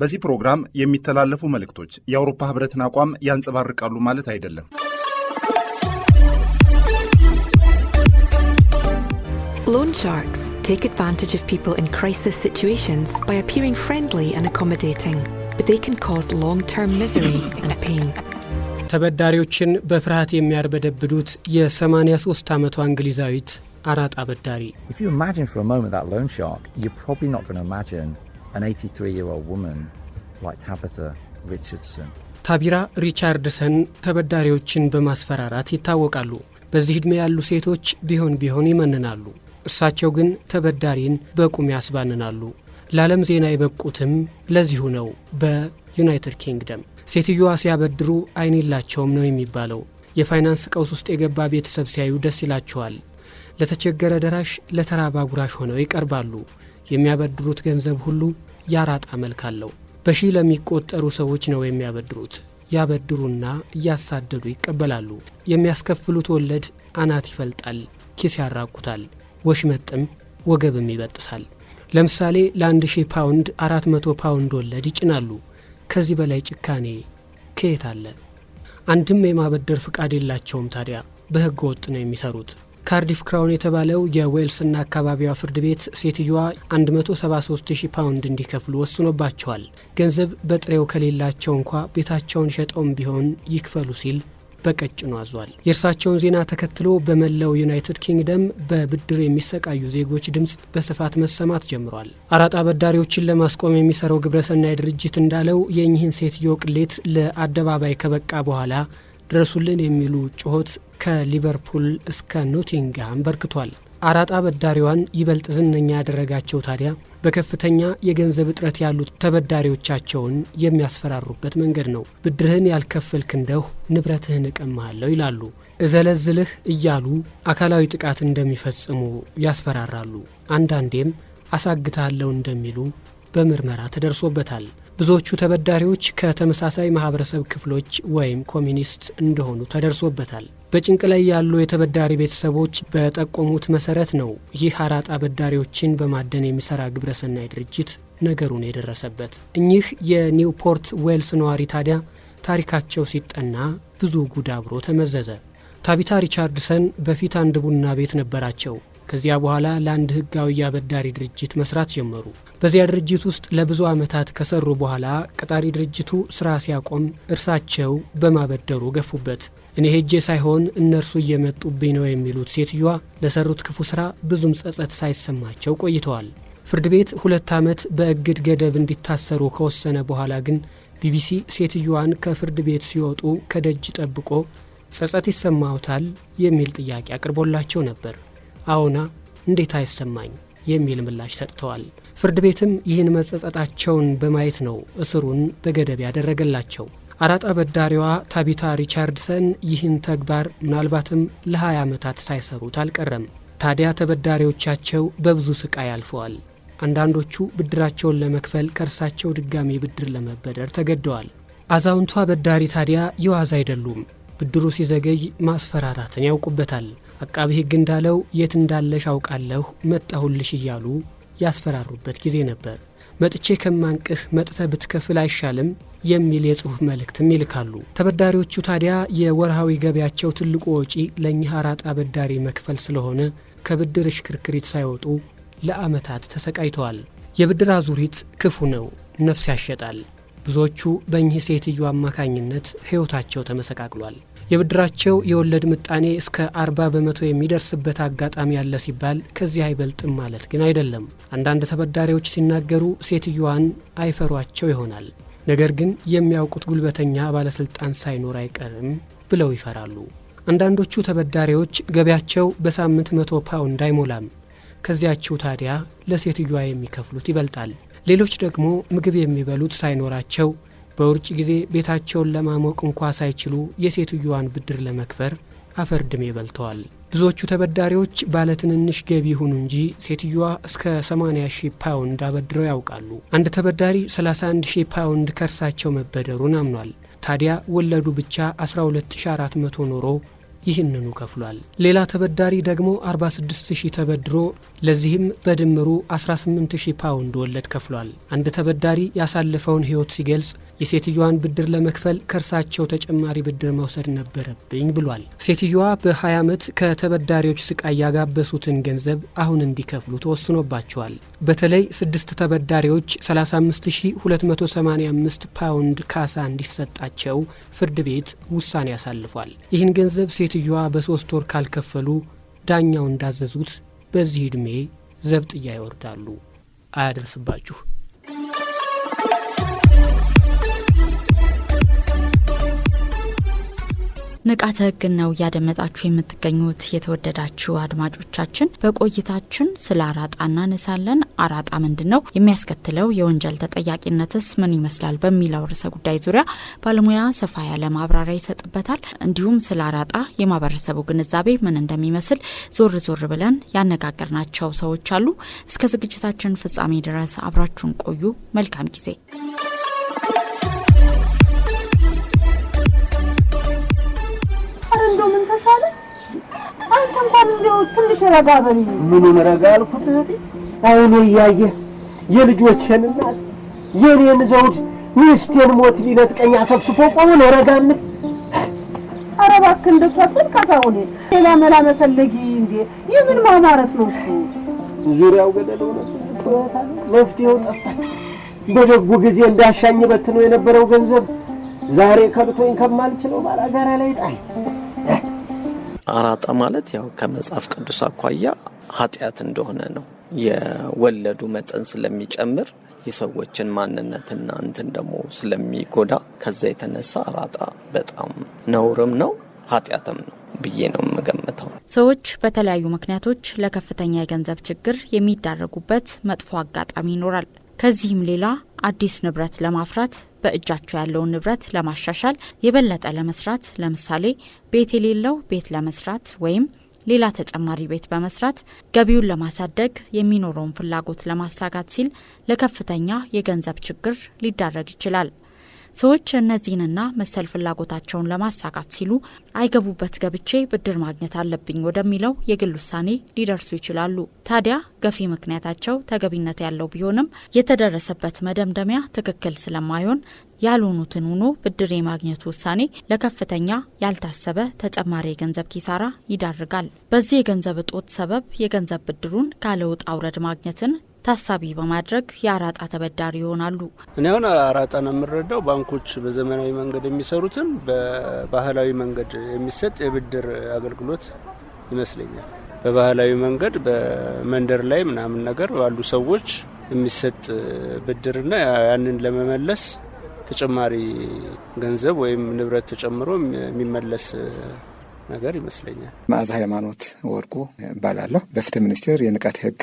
በዚህ ፕሮግራም የሚተላለፉ መልእክቶች የአውሮፓ ሕብረትን አቋም ያንጸባርቃሉ ማለት አይደለም። Loan sharks take advantage of people in crisis situations by appearing friendly and accommodating, but they can cause long-term misery and pain. ተበዳሪዎችን በፍርሃት የሚያርበደብዱት የ83 ዓመቷ እንግሊዛዊት አራጣ አበዳሪ If you imagine for a moment that loan shark, you're probably not going to imagine an 83 year old woman like Tabitha Richardson. ታቢራ ሪቻርድሰን ተበዳሪዎችን በማስፈራራት ይታወቃሉ። በዚህ ዕድሜ ያሉ ሴቶች ቢሆን ቢሆን ይመንናሉ። እርሳቸው ግን ተበዳሪን በቁም ያስባንናሉ። ለዓለም ዜና የበቁትም ለዚሁ ነው። በዩናይትድ ኪንግደም ሴትዮዋ ሲያበድሩ አይን የላቸውም ነው የሚባለው። የፋይናንስ ቀውስ ውስጥ የገባ ቤተሰብ ሲያዩ ደስ ይላቸዋል። ለተቸገረ ደራሽ፣ ለተራባ አጉራሽ ሆነው ይቀርባሉ። የሚያበድሩት ገንዘብ ሁሉ ያራጣ መልክ አለው። በሺህ ለሚቆጠሩ ሰዎች ነው የሚያበድሩት። ያበድሩና እያሳደዱ ይቀበላሉ። የሚያስከፍሉት ወለድ አናት ይፈልጣል፣ ኪስ ያራቁታል፣ ወሽመጥም ወገብም ይበጥሳል። ለምሳሌ ለአንድ ሺህ ፓውንድ 400 ፓውንድ ወለድ ይጭናሉ። ከዚህ በላይ ጭካኔ ከየት አለ? አንድም የማበደር ፍቃድ የላቸውም። ታዲያ በሕገ ወጥ ነው የሚሰሩት። ካርዲፍ ክራውን የተባለው የዌልስና አካባቢዋ ፍርድ ቤት ሴትዮዋ 173000 ፓውንድ እንዲከፍሉ ወስኖባቸዋል። ገንዘብ በጥሬው ከሌላቸው እንኳ ቤታቸውን ሸጠውም ቢሆን ይክፈሉ ሲል በቀጭኑ አዟል። የእርሳቸውን ዜና ተከትሎ በመላው ዩናይትድ ኪንግደም በብድር የሚሰቃዩ ዜጎች ድምፅ በስፋት መሰማት ጀምሯል። አራጣ አበዳሪዎችን ለማስቆም የሚሰራው ግብረሰናይ ድርጅት እንዳለው የእኚህን ሴትዮ ቅሌት ለአደባባይ ከበቃ በኋላ ድረሱልን የሚሉ ጩኸት ከሊቨርፑል እስከ ኖቲንግሃም በርክቷል። አራጣ በዳሪዋን ይበልጥ ዝነኛ ያደረጋቸው ታዲያ በከፍተኛ የገንዘብ እጥረት ያሉት ተበዳሪዎቻቸውን የሚያስፈራሩበት መንገድ ነው። ብድርህን ያልከፈልክ እንደሁ ንብረትህን እቀማሃለሁ ይላሉ። እዘለዝልህ እያሉ አካላዊ ጥቃት እንደሚፈጽሙ ያስፈራራሉ። አንዳንዴም አሳግታለሁ እንደሚሉ በምርመራ ተደርሶበታል። ብዙዎቹ ተበዳሪዎች ከተመሳሳይ ማህበረሰብ ክፍሎች ወይም ኮሚኒስት እንደሆኑ ተደርሶበታል። በጭንቅ ላይ ያሉ የተበዳሪ ቤተሰቦች በጠቆሙት መሰረት ነው ይህ አራጣ በዳሪዎችን በማደን የሚሰራ ግብረሰናይ ድርጅት ነገሩን የደረሰበት። እኚህ የኒውፖርት ዌልስ ነዋሪ ታዲያ ታሪካቸው ሲጠና ብዙ ጉድ አብሮ ተመዘዘ። ታቢታ ሪቻርድሰን በፊት አንድ ቡና ቤት ነበራቸው። ከዚያ በኋላ ለአንድ ህጋዊ አበዳሪ ድርጅት መስራት ጀመሩ። በዚያ ድርጅት ውስጥ ለብዙ ዓመታት ከሰሩ በኋላ ቀጣሪ ድርጅቱ ስራ ሲያቆም እርሳቸው በማበደሩ ገፉበት። እኔ ሄጄ ሳይሆን እነርሱ እየመጡብኝ ነው የሚሉት ሴትዮዋ ለሰሩት ክፉ ስራ ብዙም ጸጸት ሳይሰማቸው ቆይተዋል። ፍርድ ቤት ሁለት ዓመት በእግድ ገደብ እንዲታሰሩ ከወሰነ በኋላ ግን ቢቢሲ ሴትዮዋን ከፍርድ ቤት ሲወጡ ከደጅ ጠብቆ ጸጸት ይሰማውታል የሚል ጥያቄ አቅርቦላቸው ነበር። አዎና እንዴት አይሰማኝ የሚል ምላሽ ሰጥተዋል። ፍርድ ቤትም ይህን መጸጸጣቸውን በማየት ነው እስሩን በገደብ ያደረገላቸው። አራጣ በዳሪዋ ታቢታ ሪቻርድሰን ይህን ተግባር ምናልባትም ለ20 ዓመታት ሳይሰሩት አልቀረም። ታዲያ ተበዳሪዎቻቸው በብዙ ስቃይ አልፈዋል። አንዳንዶቹ ብድራቸውን ለመክፈል ከእርሳቸው ድጋሚ ብድር ለመበደር ተገደዋል። አዛውንቷ በዳሪ ታዲያ የዋዝ አይደሉም። ብድሩ ሲዘገይ ማስፈራራትን ያውቁበታል። አቃቢ ሕግ እንዳለው የት እንዳለሽ አውቃለሁ መጣሁልሽ እያሉ ያስፈራሩበት ጊዜ ነበር። መጥቼ ከማንቅህ መጥተ ብትከፍል አይሻልም የሚል የጽሑፍ መልእክትም ይልካሉ። ተበዳሪዎቹ ታዲያ የወርሃዊ ገቢያቸው ትልቁ ወጪ ለእኚህ አራጣ በዳሪ መክፈል ስለሆነ ከብድር እሽክርክሪት ሳይወጡ ለዓመታት ተሰቃይተዋል። የብድር አዙሪት ክፉ ነው፣ ነፍስ ያሸጣል። ብዙዎቹ በእኚህ ሴትዮ አማካኝነት ሕይወታቸው ተመሰቃቅሏል። የብድራቸው የወለድ ምጣኔ እስከ 40 በመቶ የሚደርስበት አጋጣሚ ያለ ሲባል ከዚህ አይበልጥም ማለት ግን አይደለም። አንዳንድ ተበዳሪዎች ሲናገሩ ሴትዮዋን አይፈሯቸው ይሆናል። ነገር ግን የሚያውቁት ጉልበተኛ ባለስልጣን ሳይኖር አይቀርም ብለው ይፈራሉ። አንዳንዶቹ ተበዳሪዎች ገቢያቸው በሳምንት መቶ ፓውንድ አይሞላም። ከዚያችው ታዲያ ለሴትዮዋ የሚከፍሉት ይበልጣል። ሌሎች ደግሞ ምግብ የሚበሉት ሳይኖራቸው በውርጭ ጊዜ ቤታቸውን ለማሞቅ እንኳ ሳይችሉ የሴትዮዋን ብድር ለመክፈር አፈር ድሜ በልተዋል። ብዙዎቹ ተበዳሪዎች ባለትንንሽ ገቢ ይሁኑ እንጂ ሴትዮዋ እስከ 80 ሺህ ፓውንድ አበድረው ያውቃሉ። አንድ ተበዳሪ 31 ሺህ ፓውንድ ከእርሳቸው መበደሩን አምኗል። ታዲያ ወለዱ ብቻ 12400 ኖሮ ይህንኑ ከፍሏል። ሌላ ተበዳሪ ደግሞ 46000 ተበድሮ ለዚህም በድምሩ 18000 ፓውንድ ወለድ ከፍሏል። አንድ ተበዳሪ ያሳለፈውን ሕይወት ሲገልጽ የሴትዮዋን ብድር ለመክፈል ከእርሳቸው ተጨማሪ ብድር መውሰድ ነበረብኝ ብሏል። ሴትዮዋ በ20 ዓመት ከተበዳሪዎች ስቃይ ያጋበሱትን ገንዘብ አሁን እንዲከፍሉ ተወስኖባቸዋል። በተለይ ስድስት ተበዳሪዎች 35285 ፓውንድ ካሳ እንዲሰጣቸው ፍርድ ቤት ውሳኔ አሳልፏል። ይህን ገንዘብ ሴ ሴትየዋ በሦስት ወር ካልከፈሉ ዳኛው እንዳዘዙት በዚህ ዕድሜ ዘብጥያ ይወርዳሉ። አያደርስባችሁ። ንቃተ ህግን ነው እያደመጣችሁ የምትገኙት የተወደዳችሁ አድማጮቻችን። በቆይታችን ስለ አራጣ እናነሳለን። አራጣ ምንድን ነው? የሚያስከትለው የወንጀል ተጠያቂነትስ ምን ይመስላል? በሚለው ርዕሰ ጉዳይ ዙሪያ ባለሙያ ሰፋ ያለ ማብራሪያ ይሰጥበታል። እንዲሁም ስለ አራጣ የማህበረሰቡ ግንዛቤ ምን እንደሚመስል ዞር ዞር ብለን ያነጋገርናቸው ሰዎች አሉ። እስከ ዝግጅታችን ፍጻሜ ድረስ አብራችሁን ቆዩ። መልካም ጊዜ ረጋ በል። ምኑን ረጋ አልኩት እህቴ? አይኔ እያየህ የልጆችን እናት የኔን ዘውድ ሚስቴን ሞት ሊነጥቀኝ አሰብስፎ ቆመን ረጋም። ኧረ እባክህ እንደሱ አትበል ካሳሁን፣ ሌላ መላ መፈለጊ እንዴ! ይህ ምን ማማረት ነው? እሱ ዙሪያው ገደለው ነው መፍትሄው ጠፋ። በደጉ ጊዜ እንዳሻኝ በትነው የነበረው ገንዘብ ዛሬ ከብቶኝ ከማልችለው ባላጋራ ላይ ጣል አራጣ ማለት ያው ከመጽሐፍ ቅዱስ አኳያ ኃጢአት እንደሆነ ነው። የወለዱ መጠን ስለሚጨምር የሰዎችን ማንነትና እንትን ደግሞ ስለሚጎዳ ከዛ የተነሳ አራጣ በጣም ነውርም ነው ኃጢአትም ነው ብዬ ነው የምገምተው። ሰዎች በተለያዩ ምክንያቶች ለከፍተኛ የገንዘብ ችግር የሚዳረጉበት መጥፎ አጋጣሚ ይኖራል። ከዚህም ሌላ አዲስ ንብረት ለማፍራት በእጃቸው ያለውን ንብረት ለማሻሻል የበለጠ ለመስራት ለምሳሌ ቤት የሌለው ቤት ለመስራት ወይም ሌላ ተጨማሪ ቤት በመስራት ገቢውን ለማሳደግ የሚኖረውን ፍላጎት ለማሳጋት ሲል ለከፍተኛ የገንዘብ ችግር ሊዳረግ ይችላል። ሰዎች እነዚህንና መሰል ፍላጎታቸውን ለማሳካት ሲሉ አይገቡበት ገብቼ ብድር ማግኘት አለብኝ ወደሚለው የግል ውሳኔ ሊደርሱ ይችላሉ። ታዲያ ገፊ ምክንያታቸው ተገቢነት ያለው ቢሆንም የተደረሰበት መደምደሚያ ትክክል ስለማይሆን ያልሆኑትን ሆኖ ብድር የማግኘቱ ውሳኔ ለከፍተኛ ያልታሰበ ተጨማሪ የገንዘብ ኪሳራ ይዳርጋል። በዚህ የገንዘብ እጦት ሰበብ የገንዘብ ብድሩን ካለ ውጣ ውረድ ማግኘትን ታሳቢ በማድረግ የአራጣ ተበዳሪ ይሆናሉ። እኔ አሁን አራጣ ነው ባንኮች በዘመናዊ መንገድ የሚሰሩትን በባህላዊ መንገድ የሚሰጥ የብድር አገልግሎት ይመስለኛል። በባህላዊ መንገድ በመንደር ላይ ምናምን ነገር ባሉ ሰዎች የሚሰጥ ብድርና ያንን ለመመለስ ተጨማሪ ገንዘብ ወይም ንብረት ተጨምሮ የሚመለስ ነገር ይመስለኛል። መዓዛ ሃይማኖት ወርቁ እባላለሁ። በፍትህ ሚኒስቴር የንቃት ህግ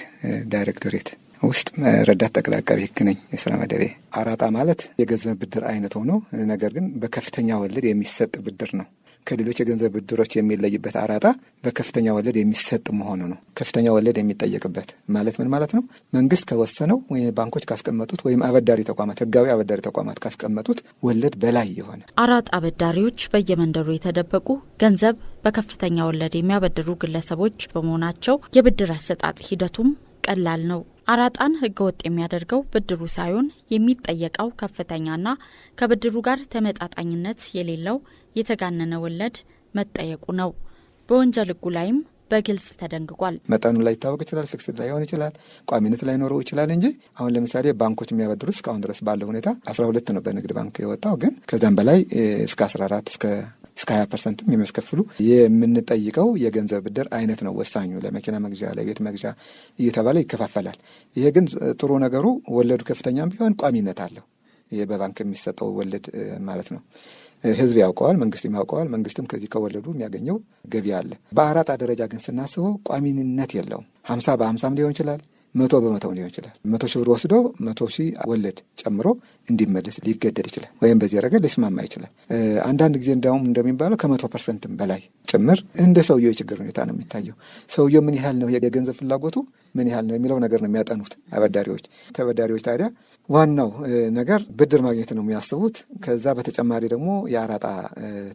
ዳይሬክቶሬት ውስጥ ረዳት ጠቅላይ አቃቢ ህግ ነኝ። የስራ መደቤ አራጣ ማለት የገንዘብ ብድር አይነት ሆኖ ነገር ግን በከፍተኛ ወለድ የሚሰጥ ብድር ነው። ከሌሎች የገንዘብ ብድሮች የሚለይበት አራጣ በከፍተኛ ወለድ የሚሰጥ መሆኑ ነው። ከፍተኛ ወለድ የሚጠየቅበት ማለት ምን ማለት ነው? መንግስት ከወሰነው ወይም ባንኮች ካስቀመጡት ወይም አበዳሪ ተቋማት ህጋዊ አበዳሪ ተቋማት ካስቀመጡት ወለድ በላይ የሆነ አራጣ አበዳሪዎች በየመንደሩ የተደበቁ ገንዘብ በከፍተኛ ወለድ የሚያበድሩ ግለሰቦች በመሆናቸው የብድር አሰጣጥ ሂደቱም ቀላል ነው። አራጣን ህገወጥ የሚያደርገው ብድሩ ሳይሆን የሚጠየቀው ከፍተኛና ከብድሩ ጋር ተመጣጣኝነት የሌለው የተጋነነ ወለድ መጠየቁ ነው። በወንጀል ህጉ ላይም በግልጽ ተደንግጓል። መጠኑ ላይታወቅ ይችላል፣ ፊክስድ ሆን ይችላል፣ ቋሚነት ላይኖረው ይችላል እንጂ አሁን ለምሳሌ ባንኮች የሚያበድሩ እስካሁን ድረስ ባለው ሁኔታ 12 ነው በንግድ ባንክ የወጣው ግን ከዚያም በላይ እስከ 14 እስከ እስከ 20 ፐርሰንትም የሚያስከፍሉ የምንጠይቀው የገንዘብ ብድር አይነት ነው ወሳኙ። ለመኪና መግዣ፣ ለቤት መግዣ እየተባለ ይከፋፈላል። ይሄ ግን ጥሩ ነገሩ ወለዱ ከፍተኛም ቢሆን ቋሚነት አለው። ይሄ በባንክ የሚሰጠው ወለድ ማለት ነው። ህዝብ ያውቀዋል፣ መንግስትም ያውቀዋል። መንግስትም ከዚህ ከወለዱ የሚያገኘው ገቢ አለ። በአራጣ ደረጃ ግን ስናስበው ቋሚነት የለውም። ሀምሳ በሀምሳም ሊሆን ይችላል መቶ በመቶው ሊሆን ይችላል። መቶ ሺህ ብር ወስዶ መቶ ሺህ ወለድ ጨምሮ እንዲመለስ ሊገደድ ይችላል፣ ወይም በዚህ ረገድ ሊስማማ ይችላል። አንዳንድ ጊዜ እንዲያውም እንደሚባለው ከመቶ ፐርሰንትም በላይ ጭምር እንደ ሰውየው የችግር ሁኔታ ነው የሚታየው። ሰውየው ምን ያህል ነው የገንዘብ ፍላጎቱ ምን ያህል ነው የሚለው ነገር ነው የሚያጠኑት አበዳሪዎች። ተበዳሪዎች ታዲያ ዋናው ነገር ብድር ማግኘት ነው የሚያስቡት። ከዛ በተጨማሪ ደግሞ የአራጣ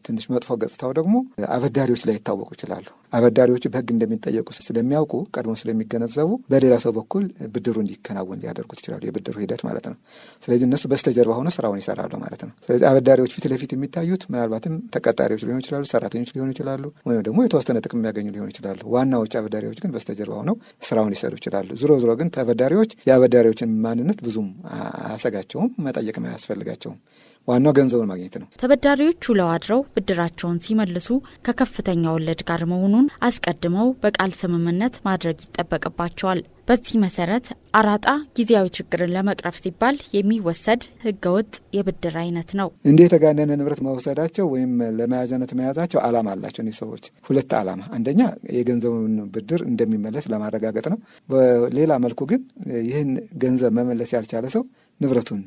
ትንሽ መጥፎ ገጽታው ደግሞ አበዳሪዎች ላይ ይታወቁ ይችላሉ። አበዳሪዎቹ በሕግ እንደሚጠየቁ ስለሚያውቁ ቀድሞ ስለሚገነዘቡ በሌላ ሰው በኩል ብድሩ እንዲከናወን ሊያደርጉት ይችላሉ፣ የብድሩ ሂደት ማለት ነው። ስለዚህ እነሱ በስተጀርባ ሆኖ ስራውን ይሰራሉ ማለት ነው። ስለዚህ አበዳሪዎች ፊት ለፊት የሚታዩት ምናልባትም ተቀጣሪዎች ሊሆኑ ይችላሉ፣ ሰራተኞች ሊሆኑ ይችላሉ፣ ወይም ደግሞ የተወሰነ ጥቅም የሚያገኙ ሊሆኑ ይችላሉ። ዋናዎች አበዳሪዎች ግን በስተጀርባ ሆነው ስራውን ሊሰሩ ይችላሉ። ዝሮ ዝሮ ግን ተበዳሪዎች የአበዳሪዎችን ማንነት ብዙም አያሰጋቸውም፣ መጠየቅም አያስፈልጋቸውም። ዋናው ገንዘቡን ማግኘት ነው። ተበዳሪዎች ውለው አድረው ብድራቸውን ሲመልሱ ከከፍተኛ ወለድ ጋር መሆኑን አስቀድመው በቃል ስምምነት ማድረግ ይጠበቅባቸዋል። በዚህ መሰረት አራጣ ጊዜያዊ ችግርን ለመቅረፍ ሲባል የሚወሰድ ህገወጥ የብድር አይነት ነው። እንዲህ የተጋነነ ንብረት መውሰዳቸው ወይም ለመያዣነት መያዛቸው አላማ አላቸው። እኒህ ሰዎች ሁለት አላማ፣ አንደኛ የገንዘቡን ብድር እንደሚመለስ ለማረጋገጥ ነው። በሌላ መልኩ ግን ይህን ገንዘብ መመለስ ያልቻለ ሰው ንብረቱን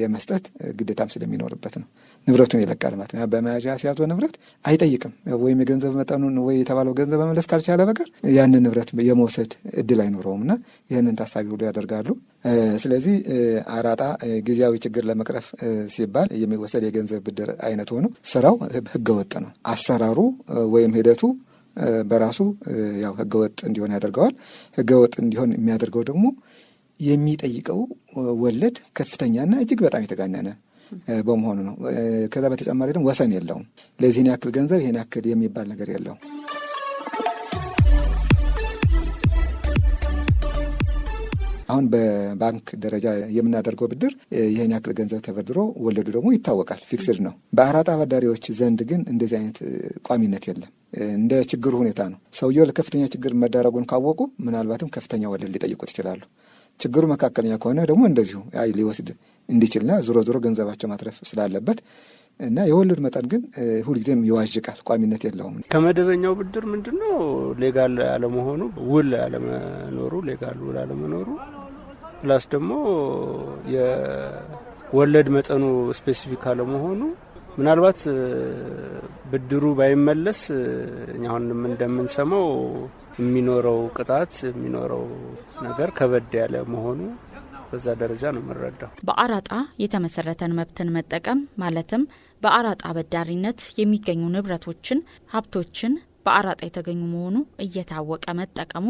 የመስጠት ግዴታም ስለሚኖርበት ነው። ንብረቱን ይለቃል ማለት ነው። በመያዣ ሲያዞ ንብረት አይጠይቅም ወይም የገንዘብ መጠኑን ወይ የተባለው ገንዘብ መመለስ ካልቻለ በቀር ያንን ንብረት የመውሰድ እድል አይኖረውም እና ይህንን ታሳቢ ሁሉ ያደርጋሉ። ስለዚህ አራጣ ጊዜያዊ ችግር ለመቅረፍ ሲባል የሚወሰድ የገንዘብ ብድር አይነት ሆኖ ስራው ህገወጥ ነው። አሰራሩ ወይም ሂደቱ በራሱ ያው ህገወጥ እንዲሆን ያደርገዋል። ህገወጥ እንዲሆን የሚያደርገው ደግሞ የሚጠይቀው ወለድ ከፍተኛና እጅግ በጣም የተጋነነ በመሆኑ ነው። ከዛ በተጨማሪ ደግሞ ወሰን የለውም። ለዚህን ያክል ገንዘብ ይህን ያክል የሚባል ነገር የለውም። አሁን በባንክ ደረጃ የምናደርገው ብድር ይህን ያክል ገንዘብ ተበድሮ ወለዱ ደግሞ ይታወቃል፣ ፊክስድ ነው። በአራጣ አበዳሪዎች ዘንድ ግን እንደዚህ አይነት ቋሚነት የለም። እንደ ችግሩ ሁኔታ ነው። ሰውየው ለከፍተኛ ችግር መዳረጉን ካወቁ ምናልባትም ከፍተኛ ወለድ ሊጠይቁት ይችላሉ። ችግሩ መካከለኛ ከሆነ ደግሞ እንደዚሁ ሊወስድ እንዲችልና ዞሮ ዞሮ ገንዘባቸው ማትረፍ ስላለበት እና የወለድ መጠን ግን ሁልጊዜም ይዋዥቃል፣ ቋሚነት የለውም። ከመደበኛው ብድር ምንድን ነው ሌጋል አለመሆኑ፣ ውል አለመኖሩ፣ ሌጋል ውል አለመኖሩ ፕላስ ደግሞ የወለድ መጠኑ ስፔሲፊክ አለመሆኑ ምናልባት ብድሩ ባይመለስ አሁንም እንደምንሰማው የሚኖረው ቅጣት የሚኖረው ነገር ከበድ ያለ መሆኑ በዛ ደረጃ ነው የምንረዳው። በአራጣ የተመሰረተን መብትን መጠቀም ማለትም በአራጣ በዳሪነት የሚገኙ ንብረቶችን፣ ሀብቶችን በአራጣ የተገኙ መሆኑ እየታወቀ መጠቀሙ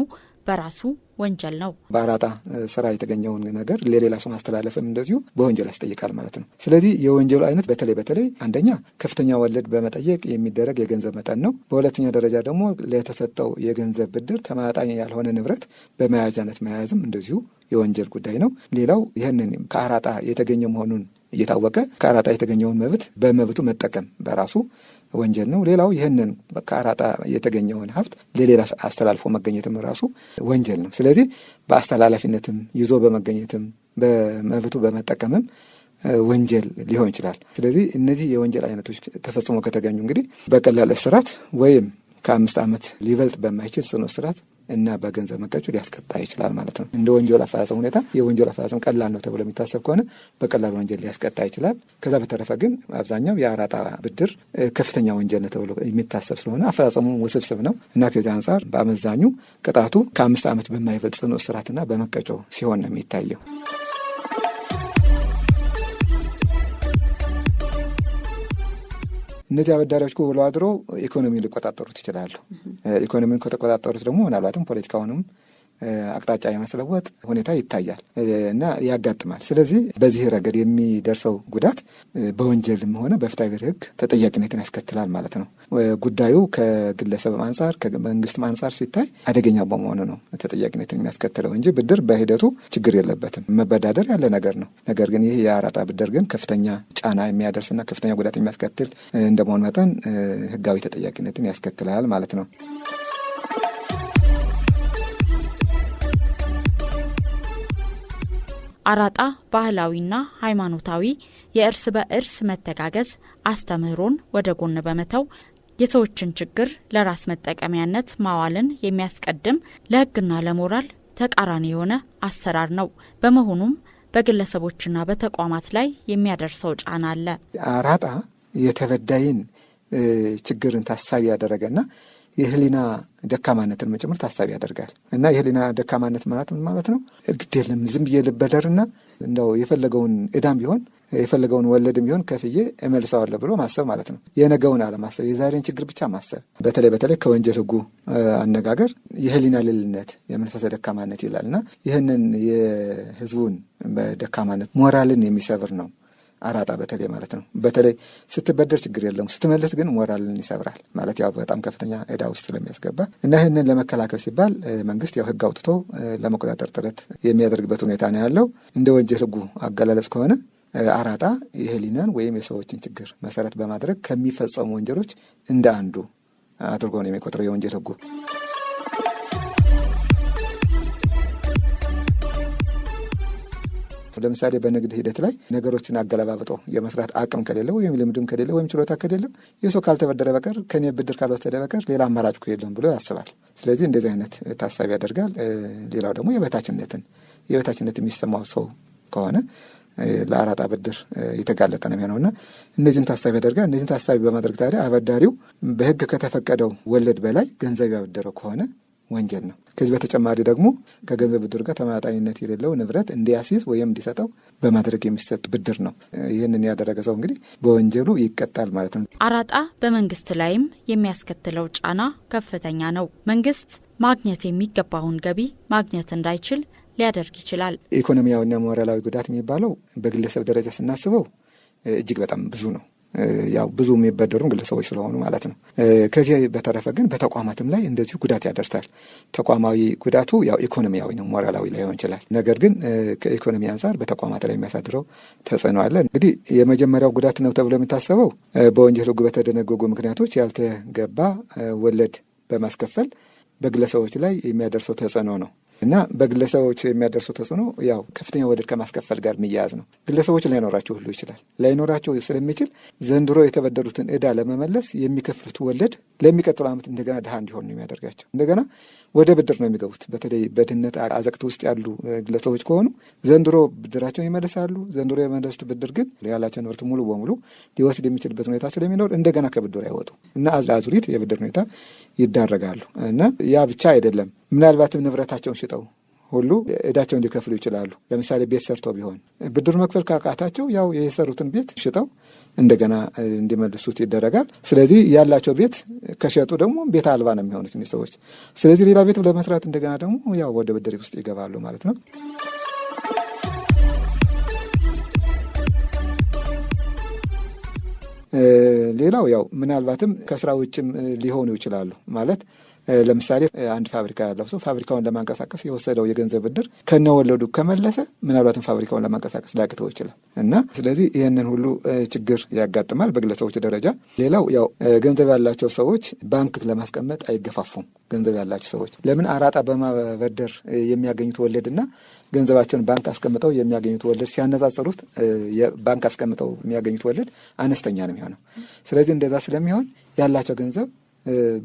በራሱ ወንጀል ነው። በአራጣ ስራ የተገኘውን ነገር ለሌላ ሰው ማስተላለፍም እንደዚሁ በወንጀል ያስጠይቃል ማለት ነው። ስለዚህ የወንጀሉ አይነት በተለይ በተለይ አንደኛ ከፍተኛ ወለድ በመጠየቅ የሚደረግ የገንዘብ መጠን ነው። በሁለተኛ ደረጃ ደግሞ ለተሰጠው የገንዘብ ብድር ተማጣኝ ያልሆነ ንብረት በመያዣነት መያዝም እንደዚሁ የወንጀል ጉዳይ ነው። ሌላው ይህንን ከአራጣ የተገኘ መሆኑን እየታወቀ ከአራጣ የተገኘውን መብት በመብቱ መጠቀም በራሱ ወንጀል ነው። ሌላው ይህንን ከአራጣ የተገኘውን ሀብት ለሌላ አስተላልፎ መገኘትም ራሱ ወንጀል ነው። ስለዚህ በአስተላላፊነትም ይዞ በመገኘትም በመብቱ በመጠቀምም ወንጀል ሊሆን ይችላል። ስለዚህ እነዚህ የወንጀል አይነቶች ተፈጽሞ ከተገኙ እንግዲህ በቀላል እስራት ወይም ከአምስት ዓመት ሊበልጥ በማይችል ጽኑ እስራት እና በገንዘብ መቀጮ ሊያስቀጣ ይችላል ማለት ነው። እንደ ወንጀል አፈጻጸም ሁኔታ የወንጀል አፈጻጸም ቀላል ነው ተብሎ የሚታሰብ ከሆነ በቀላል ወንጀል ሊያስቀጣ ይችላል። ከዛ በተረፈ ግን አብዛኛው የአራጣ ብድር ከፍተኛ ወንጀል ነው ተብሎ የሚታሰብ ስለሆነ አፈጻጸሙ ውስብስብ ነው እና ከዚህ አንጻር በአመዛኙ ቅጣቱ ከአምስት ዓመት በማይበልጥ ጽኑ እስራትና በመቀጮ ሲሆን ነው የሚታየው። እነዚህ አበዳሪዎች ውሎ አድሮ ኢኮኖሚን ሊቆጣጠሩት ይችላሉ። ኢኮኖሚን ከተቆጣጠሩት ደግሞ ምናልባትም ፖለቲካውንም አቅጣጫ የማስለወጥ ሁኔታ ይታያል እና ያጋጥማል። ስለዚህ በዚህ ረገድ የሚደርሰው ጉዳት በወንጀልም ሆነ በፍትሐብሔር ሕግ ተጠያቂነትን ያስከትላል ማለት ነው። ጉዳዩ ከግለሰብ አንጻር ከመንግስትም አንጻር ሲታይ አደገኛ በመሆኑ ነው ተጠያቂነትን የሚያስከትለው እንጂ ብድር በሂደቱ ችግር የለበትም። መበዳደር ያለ ነገር ነው። ነገር ግን ይህ የአራጣ ብድር ግን ከፍተኛ ጫና የሚያደርስና ከፍተኛ ጉዳት የሚያስከትል እንደመሆን መጠን ሕጋዊ ተጠያቂነትን ያስከትላል ማለት ነው። አራጣ ባህላዊና ሃይማኖታዊ የእርስ በእርስ መተጋገዝ አስተምህሮን ወደ ጎን በመተው የሰዎችን ችግር ለራስ መጠቀሚያነት ማዋልን የሚያስቀድም ለሕግና ለሞራል ተቃራኒ የሆነ አሰራር ነው። በመሆኑም በግለሰቦችና በተቋማት ላይ የሚያደርሰው ጫና አለ። አራጣ የተበዳይን ችግርን ታሳቢ ያደረገና የህሊና ደካማነትን መጨመር ታሳቢ ያደርጋል እና የህሊና ደካማነት ማለት ምን ማለት ነው? ግድ የለም ዝም ብዬ ልበደርና እንደው የፈለገውን እዳም ቢሆን የፈለገውን ወለድም ቢሆን ከፍዬ እመልሰዋለሁ ብሎ ማሰብ ማለት ነው። የነገውን አለማሰብ፣ የዛሬን ችግር ብቻ ማሰብ። በተለይ በተለይ ከወንጀል ህጉ አነጋገር የህሊና ልልነት፣ የመንፈሰ ደካማነት ይላል እና ይህንን የህዝቡን ደካማነት ሞራልን የሚሰብር ነው። አራጣ በተለይ ማለት ነው። በተለይ ስትበደር ችግር የለውም፣ ስትመለስ ግን ሞራልን ይሰብራል ማለት ያው በጣም ከፍተኛ እዳ ውስጥ ስለሚያስገባ እና ይህንን ለመከላከል ሲባል መንግስት ያው ህግ አውጥቶ ለመቆጣጠር ጥረት የሚያደርግበት ሁኔታ ነው ያለው። እንደ ወንጀል ህጉ አገላለጽ ከሆነ አራጣ የህሊናን ወይም የሰዎችን ችግር መሰረት በማድረግ ከሚፈጸሙ ወንጀሎች እንደ አንዱ አድርጎ ነው የሚቆጥረው የወንጀል ህጉ። ለምሳሌ በንግድ ሂደት ላይ ነገሮችን አገለባብጦ የመስራት አቅም ከሌለ ወይም ልምድም ከሌለ ወይም ችሎታ ከሌለም የሰው ካልተበደረ በቀር ከኔ ብድር ካልወሰደ በቀር ሌላ አማራጭ የለም ብሎ ያስባል። ስለዚህ እንደዚህ አይነት ታሳቢ ያደርጋል። ሌላው ደግሞ የበታችነትን የበታችነት የሚሰማው ሰው ከሆነ ለአራጣ ብድር የተጋለጠ ነው የሚሆነውና እነዚህን ታሳቢ ያደርጋል። እነዚህን ታሳቢ በማድረግ ታዲያ አበዳሪው በሕግ ከተፈቀደው ወለድ በላይ ገንዘብ ያበደረው ከሆነ ወንጀል ነው። ከዚህ በተጨማሪ ደግሞ ከገንዘብ ብድር ጋር ተመጣጣኝነት የሌለው ንብረት እንዲያስይዝ ወይም እንዲሰጠው በማድረግ የሚሰጥ ብድር ነው። ይህንን ያደረገ ሰው እንግዲህ በወንጀሉ ይቀጣል ማለት ነው። አራጣ በመንግስት ላይም የሚያስከትለው ጫና ከፍተኛ ነው። መንግስት ማግኘት የሚገባውን ገቢ ማግኘት እንዳይችል ሊያደርግ ይችላል። ኢኮኖሚያዊና ሞራላዊ ጉዳት የሚባለው በግለሰብ ደረጃ ስናስበው እጅግ በጣም ብዙ ነው። ያው ብዙ የሚበደሩ ግለሰቦች ስለሆኑ ማለት ነው። ከዚህ በተረፈ ግን በተቋማትም ላይ እንደዚሁ ጉዳት ያደርሳል። ተቋማዊ ጉዳቱ ያው ኢኮኖሚያዊ ነው፣ ሞራላዊ ላይሆን ይችላል። ነገር ግን ከኢኮኖሚ አንጻር በተቋማት ላይ የሚያሳድረው ተጽዕኖ አለ። እንግዲህ የመጀመሪያው ጉዳት ነው ተብሎ የሚታሰበው በወንጀል ሕጉ በተደነገጉ ምክንያቶች ያልተገባ ወለድ በማስከፈል በግለሰቦች ላይ የሚያደርሰው ተጽዕኖ ነው። እና በግለሰቦች የሚያደርሰው ተጽዕኖ ያው ከፍተኛ ወለድ ከማስከፈል ጋር የሚያያዝ ነው። ግለሰቦች ላይኖራቸው ሁሉ ይችላል። ላይኖራቸው ስለሚችል ዘንድሮ የተበደሩትን እዳ ለመመለስ የሚከፍሉት ወለድ ለሚቀጥለው ዓመት እንደገና ድሃ እንዲሆን ነው የሚያደርጋቸው። እንደገና ወደ ብድር ነው የሚገቡት። በተለይ በድህነት አዘቅት ውስጥ ያሉ ግለሰቦች ከሆኑ ዘንድሮ ብድራቸውን ይመልሳሉ። ዘንድሮ የመለሱት ብድር ግን ያላቸው ንብረት ሙሉ በሙሉ ሊወስድ የሚችልበት ሁኔታ ስለሚኖር እንደገና ከብድር አይወጡ እና አዙሪት የብድር ሁኔታ ይዳረጋሉ እና ያ ብቻ አይደለም ምናልባትም ንብረታቸውን ሽጠው ሁሉ እዳቸው እንዲከፍሉ ይችላሉ። ለምሳሌ ቤት ሰርተው ቢሆን ብድር መክፈል ካቃታቸው ያው የሰሩትን ቤት ሽጠው እንደገና እንዲመልሱት ይደረጋል። ስለዚህ ያላቸው ቤት ከሸጡ ደግሞ ቤት አልባ ነው የሚሆኑት እኒህ ሰዎች። ስለዚህ ሌላ ቤት ለመስራት እንደገና ደግሞ ያው ወደ ብድር ውስጥ ይገባሉ ማለት ነው። ሌላው ያው ምናልባትም ከስራ ውጭም ሊሆኑ ይችላሉ ማለት ለምሳሌ አንድ ፋብሪካ ያለው ሰው ፋብሪካውን ለማንቀሳቀስ የወሰደው የገንዘብ ብድር ከነወለዱ ከመለሰ ምናልባትም ፋብሪካውን ለማንቀሳቀስ ሊያቅተው ይችላል እና ስለዚህ ይህንን ሁሉ ችግር ያጋጥማል በግለሰቦች ደረጃ። ሌላው ያው ገንዘብ ያላቸው ሰዎች ባንክ ለማስቀመጥ አይገፋፉም። ገንዘብ ያላቸው ሰዎች ለምን አራጣ በማበደር የሚያገኙት ወለድና ገንዘባቸውን ባንክ አስቀምጠው የሚያገኙት ወለድ ሲያነጻጽሩት ባንክ አስቀምጠው የሚያገኙት ወለድ አነስተኛ ነው የሚሆነው። ስለዚህ እንደዛ ስለሚሆን ያላቸው ገንዘብ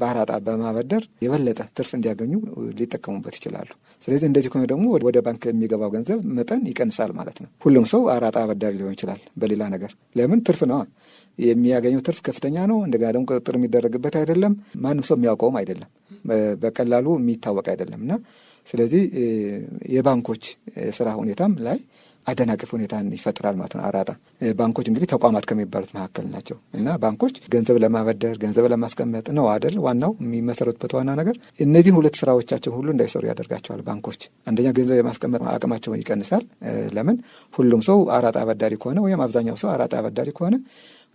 በአራጣ በማበደር የበለጠ ትርፍ እንዲያገኙ ሊጠቀሙበት ይችላሉ። ስለዚህ እንደዚህ ከሆነ ደግሞ ወደ ባንክ የሚገባው ገንዘብ መጠን ይቀንሳል ማለት ነው። ሁሉም ሰው አራጣ አበዳሪ ሊሆን ይችላል። በሌላ ነገር ለምን ትርፍ ነዋ። የሚያገኘው ትርፍ ከፍተኛ ነው። እንደገና ደግሞ ቁጥጥር የሚደረግበት አይደለም። ማንም ሰው የሚያውቀውም አይደለም። በቀላሉ የሚታወቅ አይደለም እና ስለዚህ የባንኮች ስራ ሁኔታም ላይ አደናቅፍ ሁኔታን ይፈጥራል ማለት ነው። አራጣ ባንኮች እንግዲህ ተቋማት ከሚባሉት መካከል ናቸው እና ባንኮች ገንዘብ ለማበደር ገንዘብ ለማስቀመጥ ነው አደል ዋናው የሚመሰረቱበት ዋና ነገር። እነዚህን ሁለት ስራዎቻቸውን ሁሉ እንዳይሰሩ ያደርጋቸዋል ባንኮች። አንደኛ ገንዘብ የማስቀመጥ አቅማቸውን ይቀንሳል። ለምን ሁሉም ሰው አራጣ አበዳሪ ከሆነ ወይም አብዛኛው ሰው አራጣ አበዳሪ ከሆነ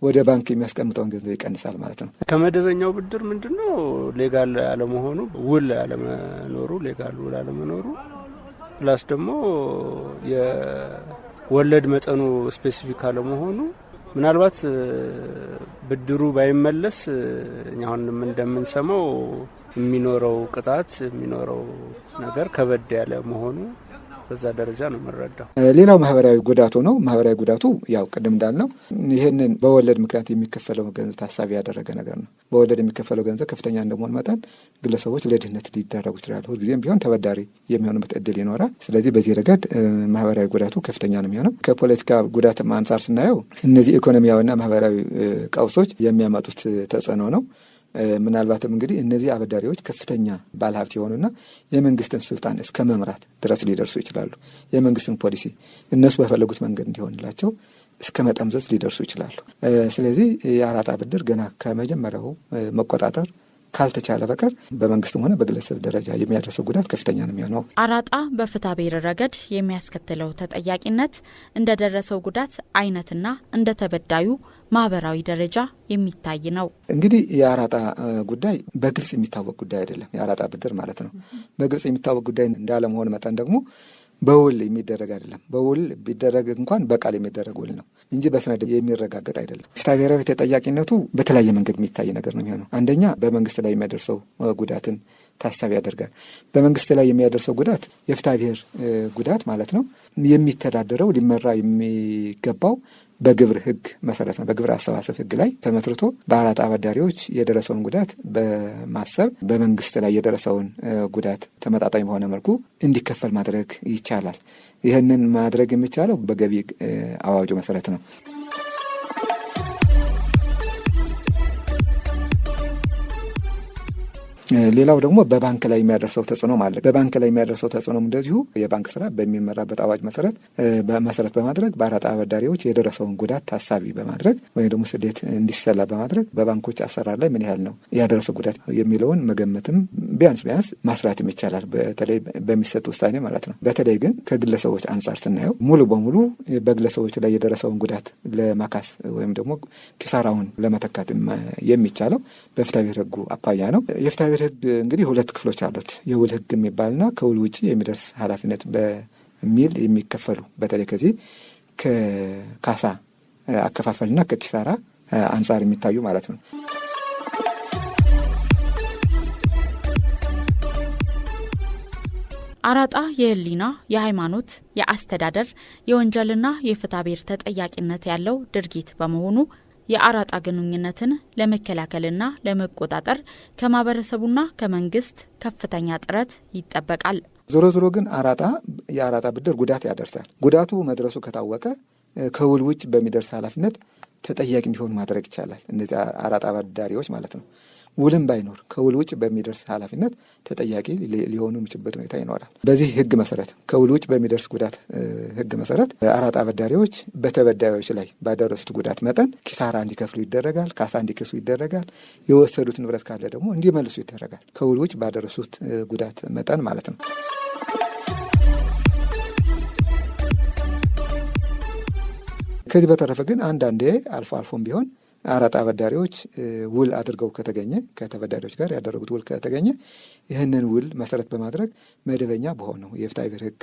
ወደ ባንክ የሚያስቀምጠውን ገንዘብ ይቀንሳል ማለት ነው። ከመደበኛው ብድር ምንድን ነው ሌጋል አለመሆኑ፣ ውል አለመኖሩ፣ ሌጋል ውል አለመኖሩ ፕላስ ደግሞ የወለድ መጠኑ ስፔሲፊክ አለመሆኑ ምናልባት ብድሩ ባይመለስ አሁንም እንደምንሰማው የሚኖረው ቅጣት የሚኖረው ነገር ከበድ ያለ መሆኑ በዛ ደረጃ ነው የምንረዳው። ሌላው ማህበራዊ ጉዳቱ ነው። ማህበራዊ ጉዳቱ ያው ቅድም እንዳልነው ይህንን በወለድ ምክንያት የሚከፈለው ገንዘብ ታሳቢ ያደረገ ነገር ነው። በወለድ የሚከፈለው ገንዘብ ከፍተኛ እንደመሆን መጠን ግለሰቦች ለድህነት ሊደረጉ ይችላሉ። ሁልጊዜም ቢሆን ተበዳሪ የሚሆንበት እድል ይኖራል። ስለዚህ በዚህ ረገድ ማህበራዊ ጉዳቱ ከፍተኛ ነው የሚሆነው። ከፖለቲካ ጉዳትም አንጻር ስናየው እነዚህ ኢኮኖሚያዊና ማህበራዊ ቀውሶች የሚያመጡት ተጽዕኖ ነው። ምናልባትም እንግዲህ እነዚህ አበዳሪዎች ከፍተኛ ባለሀብት የሆኑና የመንግስትን ስልጣን እስከ መምራት ድረስ ሊደርሱ ይችላሉ። የመንግስትን ፖሊሲ እነሱ በፈለጉት መንገድ እንዲሆንላቸው እስከ መጠምዘዝ ሊደርሱ ይችላሉ። ስለዚህ የአራጣ ብድር ገና ከመጀመሪያው መቆጣጠር ካልተቻለ በቀር በመንግስትም ሆነ በግለሰብ ደረጃ የሚያደርሰው ጉዳት ከፍተኛ ነው የሚሆነው። አራጣ በፍትሐ ብሔር ረገድ የሚያስከትለው ተጠያቂነት እንደደረሰው ጉዳት አይነትና እንደ ተበዳዩ ማህበራዊ ደረጃ የሚታይ ነው። እንግዲህ የአራጣ ጉዳይ በግልጽ የሚታወቅ ጉዳይ አይደለም። የአራጣ ብድር ማለት ነው በግልጽ የሚታወቅ ጉዳይ እንዳለመሆን መጠን ደግሞ በውል የሚደረግ አይደለም። በውል ቢደረግ እንኳን በቃል የሚደረግ ውል ነው እንጂ በሰነድ የሚረጋገጥ አይደለም። ፍትሐ ብሔራዊ ተጠያቂነቱ በተለያየ መንገድ የሚታይ ነገር ነው የሚሆነው። አንደኛ በመንግስት ላይ የሚያደርሰው ጉዳትን ታሳቢ ያደርጋል። በመንግስት ላይ የሚያደርሰው ጉዳት የፍትሐ ብሔር ጉዳት ማለት ነው። የሚተዳደረው ሊመራ የሚገባው በግብር ህግ መሰረት ነው። በግብር አሰባሰብ ህግ ላይ ተመስርቶ በአራት አበዳሪዎች የደረሰውን ጉዳት በማሰብ በመንግስት ላይ የደረሰውን ጉዳት ተመጣጣኝ በሆነ መልኩ እንዲከፈል ማድረግ ይቻላል። ይህንን ማድረግ የሚቻለው በገቢ አዋጁ መሰረት ነው። ሌላው ደግሞ በባንክ ላይ የሚያደርሰው ተጽዕኖ ማለት በባንክ ላይ የሚያደርሰው ተጽዕኖም እንደዚሁ የባንክ ስራ በሚመራበት አዋጅ መሰረት መሰረት በማድረግ በአራጣ አበዳሪዎች የደረሰውን ጉዳት ታሳቢ በማድረግ ወይም ደግሞ ስሌት እንዲሰላ በማድረግ በባንኮች አሰራር ላይ ምን ያህል ነው ያደረሰው ጉዳት የሚለውን መገመትም ቢያንስ ቢያንስ ማስራትም ይቻላል፣ በተለይ በሚሰጥ ውሳኔ ማለት ነው። በተለይ ግን ከግለሰቦች አንጻር ስናየው ሙሉ በሙሉ በግለሰቦች ላይ የደረሰውን ጉዳት ለማካስ ወይም ደግሞ ኪሳራውን ለመተካት የሚቻለው በፍትሐብሔር ሕጉ አኳያ ነው። የፍትሐብሔር የውል ህግ እንግዲህ ሁለት ክፍሎች አሉት። የውል ህግ የሚባልና ከውል ውጭ የሚደርስ ኃላፊነት በሚል የሚከፈሉ በተለይ ከዚህ ከካሳ አከፋፈልና ከኪሳራ አንጻር የሚታዩ ማለት ነው። አራጣ የህሊና፣ የሃይማኖት፣ የአስተዳደር፣ የወንጀልና የፍትሐ ብሔር ተጠያቂነት ያለው ድርጊት በመሆኑ የአራጣ ግንኙነትን ለመከላከልና ለመቆጣጠር ከማህበረሰቡና ከመንግስት ከፍተኛ ጥረት ይጠበቃል። ዞሮ ዞሮ ግን አራጣ የአራጣ ብድር ጉዳት ያደርሳል። ጉዳቱ መድረሱ ከታወቀ ከውል ውጭ በሚደርስ ኃላፊነት ተጠያቂ እንዲሆን ማድረግ ይቻላል። እነዚህ አራጣ አበዳሪዎች ማለት ነው። ውልም ባይኖር ከውል ውጭ በሚደርስ ኃላፊነት ተጠያቂ ሊሆኑ የሚችበት ሁኔታ ይኖራል። በዚህ ህግ መሰረት ከውል ውጭ በሚደርስ ጉዳት ህግ መሰረት አራጣ አበዳሪዎች በተበዳዮች ላይ ባደረሱት ጉዳት መጠን ኪሳራ እንዲከፍሉ ይደረጋል። ካሳ እንዲክሱ ይደረጋል። የወሰዱት ንብረት ካለ ደግሞ እንዲመልሱ ይደረጋል። ከውል ውጭ ባደረሱት ጉዳት መጠን ማለት ነው። ከዚህ በተረፈ ግን አንዳንዴ አልፎ አልፎም ቢሆን አራጣ አበዳሪዎች ውል አድርገው ከተገኘ ከተበዳሪዎች ጋር ያደረጉት ውል ከተገኘ ይህንን ውል መሰረት በማድረግ መደበኛ በሆነው የፍትሐብሔር ሕግ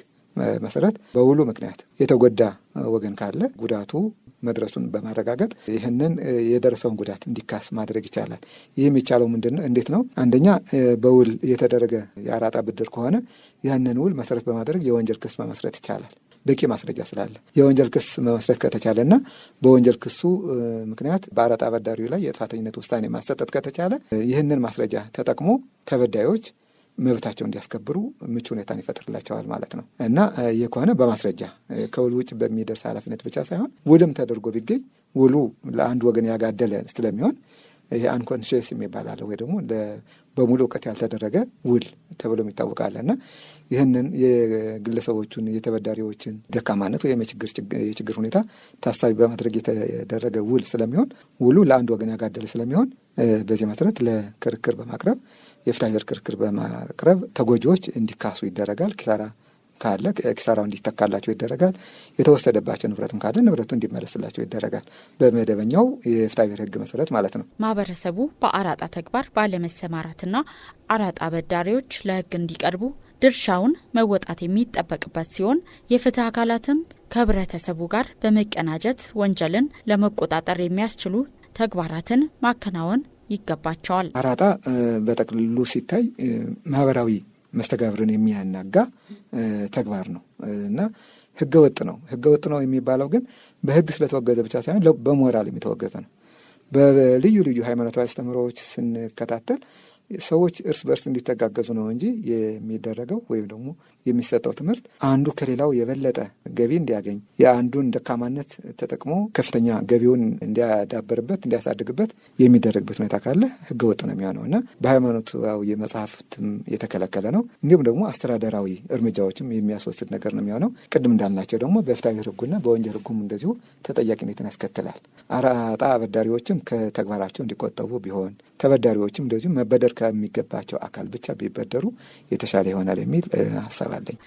መሰረት በውሉ ምክንያት የተጎዳ ወገን ካለ ጉዳቱ መድረሱን በማረጋገጥ ይህንን የደረሰውን ጉዳት እንዲካስ ማድረግ ይቻላል። ይህ የሚቻለው ምንድን እንዴት ነው? አንደኛ በውል የተደረገ የአራጣ ብድር ከሆነ ያንን ውል መሰረት በማድረግ የወንጀል ክስ መመስረት ይቻላል። በቂ ማስረጃ ስላለ የወንጀል ክስ መመስረት ና በወንጀል ክሱ ምክንያት በአራጣ አበዳሪው ላይ የጥፋተኝነት ውሳኔ ማሰጠት ከተቻለ ይህንን ማስረጃ ተጠቅሞ ተበዳዮች መብታቸው እንዲያስከብሩ ምቹ ሁኔታን ይፈጥርላቸዋል ማለት ነው እና ይህ ከሆነ በማስረጃ ከውል ውጭ በሚደርስ ኃላፊነት ብቻ ሳይሆን ውልም ተደርጎ ቢገኝ ውሉ ለአንድ ወገን ያጋደለ ስለሚሆን ይሄ አንኮንሽስ የሚባል አለ ወይ ደግሞ በሙሉ እውቀት ያልተደረገ ውል ተብሎ ይታወቃል እና ይህንን የግለሰቦቹን የተበዳሪዎችን ደካማነት ወይም የችግር ሁኔታ ታሳቢ በማድረግ የተደረገ ውል ስለሚሆን ውሉ ለአንድ ወገን ያጋደለ ስለሚሆን በዚህ መሰረት ለክርክር በማቅረብ የፍትሐ ክርክር በማቅረብ ተጎጂዎች እንዲካሱ ይደረጋል። ኪሳራ ካለ ኪሳራው እንዲተካላቸው ይደረጋል። የተወሰደባቸው ንብረትም ካለ ንብረቱ እንዲመለስላቸው ይደረጋል። በመደበኛው የፍትሐ ህግ ሕግ መሰረት ማለት ነው። ማህበረሰቡ በአራጣ ተግባር ባለመሰማራትና አራጣ በዳሪዎች ለሕግ እንዲቀርቡ ድርሻውን መወጣት የሚጠበቅበት ሲሆን የፍትህ አካላትም ከህብረተሰቡ ጋር በመቀናጀት ወንጀልን ለመቆጣጠር የሚያስችሉ ተግባራትን ማከናወን ይገባቸዋል። አራጣ በጠቅልሉ ሲታይ ማህበራዊ መስተጋብርን የሚያናጋ ተግባር ነው እና ህገ ወጥ ነው። ህገ ወጥ ነው የሚባለው ግን በህግ ስለተወገዘ ብቻ ሳይሆን በሞራል የሚተወገዘ ነው። በልዩ ልዩ ሃይማኖታዊ አስተምሮዎች ስንከታተል ሰዎች እርስ በርስ እንዲተጋገዙ ነው እንጂ የሚደረገው ወይም ደግሞ የሚሰጠው ትምህርት አንዱ ከሌላው የበለጠ ገቢ እንዲያገኝ የአንዱን ደካማነት ተጠቅሞ ከፍተኛ ገቢውን እንዲያዳበርበት እንዲያሳድግበት የሚደረግበት ሁኔታ ካለ ህገወጥ ነው የሚሆነው እና በሃይማኖታዊ መጽሐፍትም የተከለከለ ነው። እንዲሁም ደግሞ አስተዳደራዊ እርምጃዎችም የሚያስወስድ ነገር ነው የሚሆነው። ቅድም እንዳልናቸው ደግሞ በፍትሐብሔር ህጉና በወንጀል ህጉም እንደዚሁ ተጠያቂነትን ያስከትላል። አራጣ አበዳሪዎችም ከተግባራቸው እንዲቆጠቡ ቢሆን ተበዳሪዎችም እንደዚሁ መበደር ከሚገባቸው አካል ብቻ ቢበደሩ የተሻለ ይሆናል የሚል ሀሳብ አለኝ።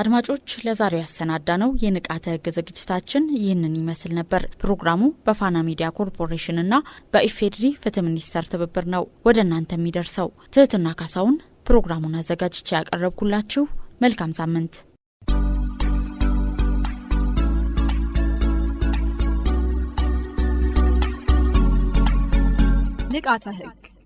አድማጮች ለዛሬው ያሰናዳ ነው የንቃተ ህግ ዝግጅታችን ይህንን ይመስል ነበር። ፕሮግራሙ በፋና ሚዲያ ኮርፖሬሽንና በኢፌድሪ ፍትህ ሚኒስቴር ትብብር ነው ወደ እናንተ የሚደርሰው። ትህትና ካሳውን ፕሮግራሙን አዘጋጅቼ ያቀረብኩላችሁ። መልካም ሳምንት። ንቃተ ህግ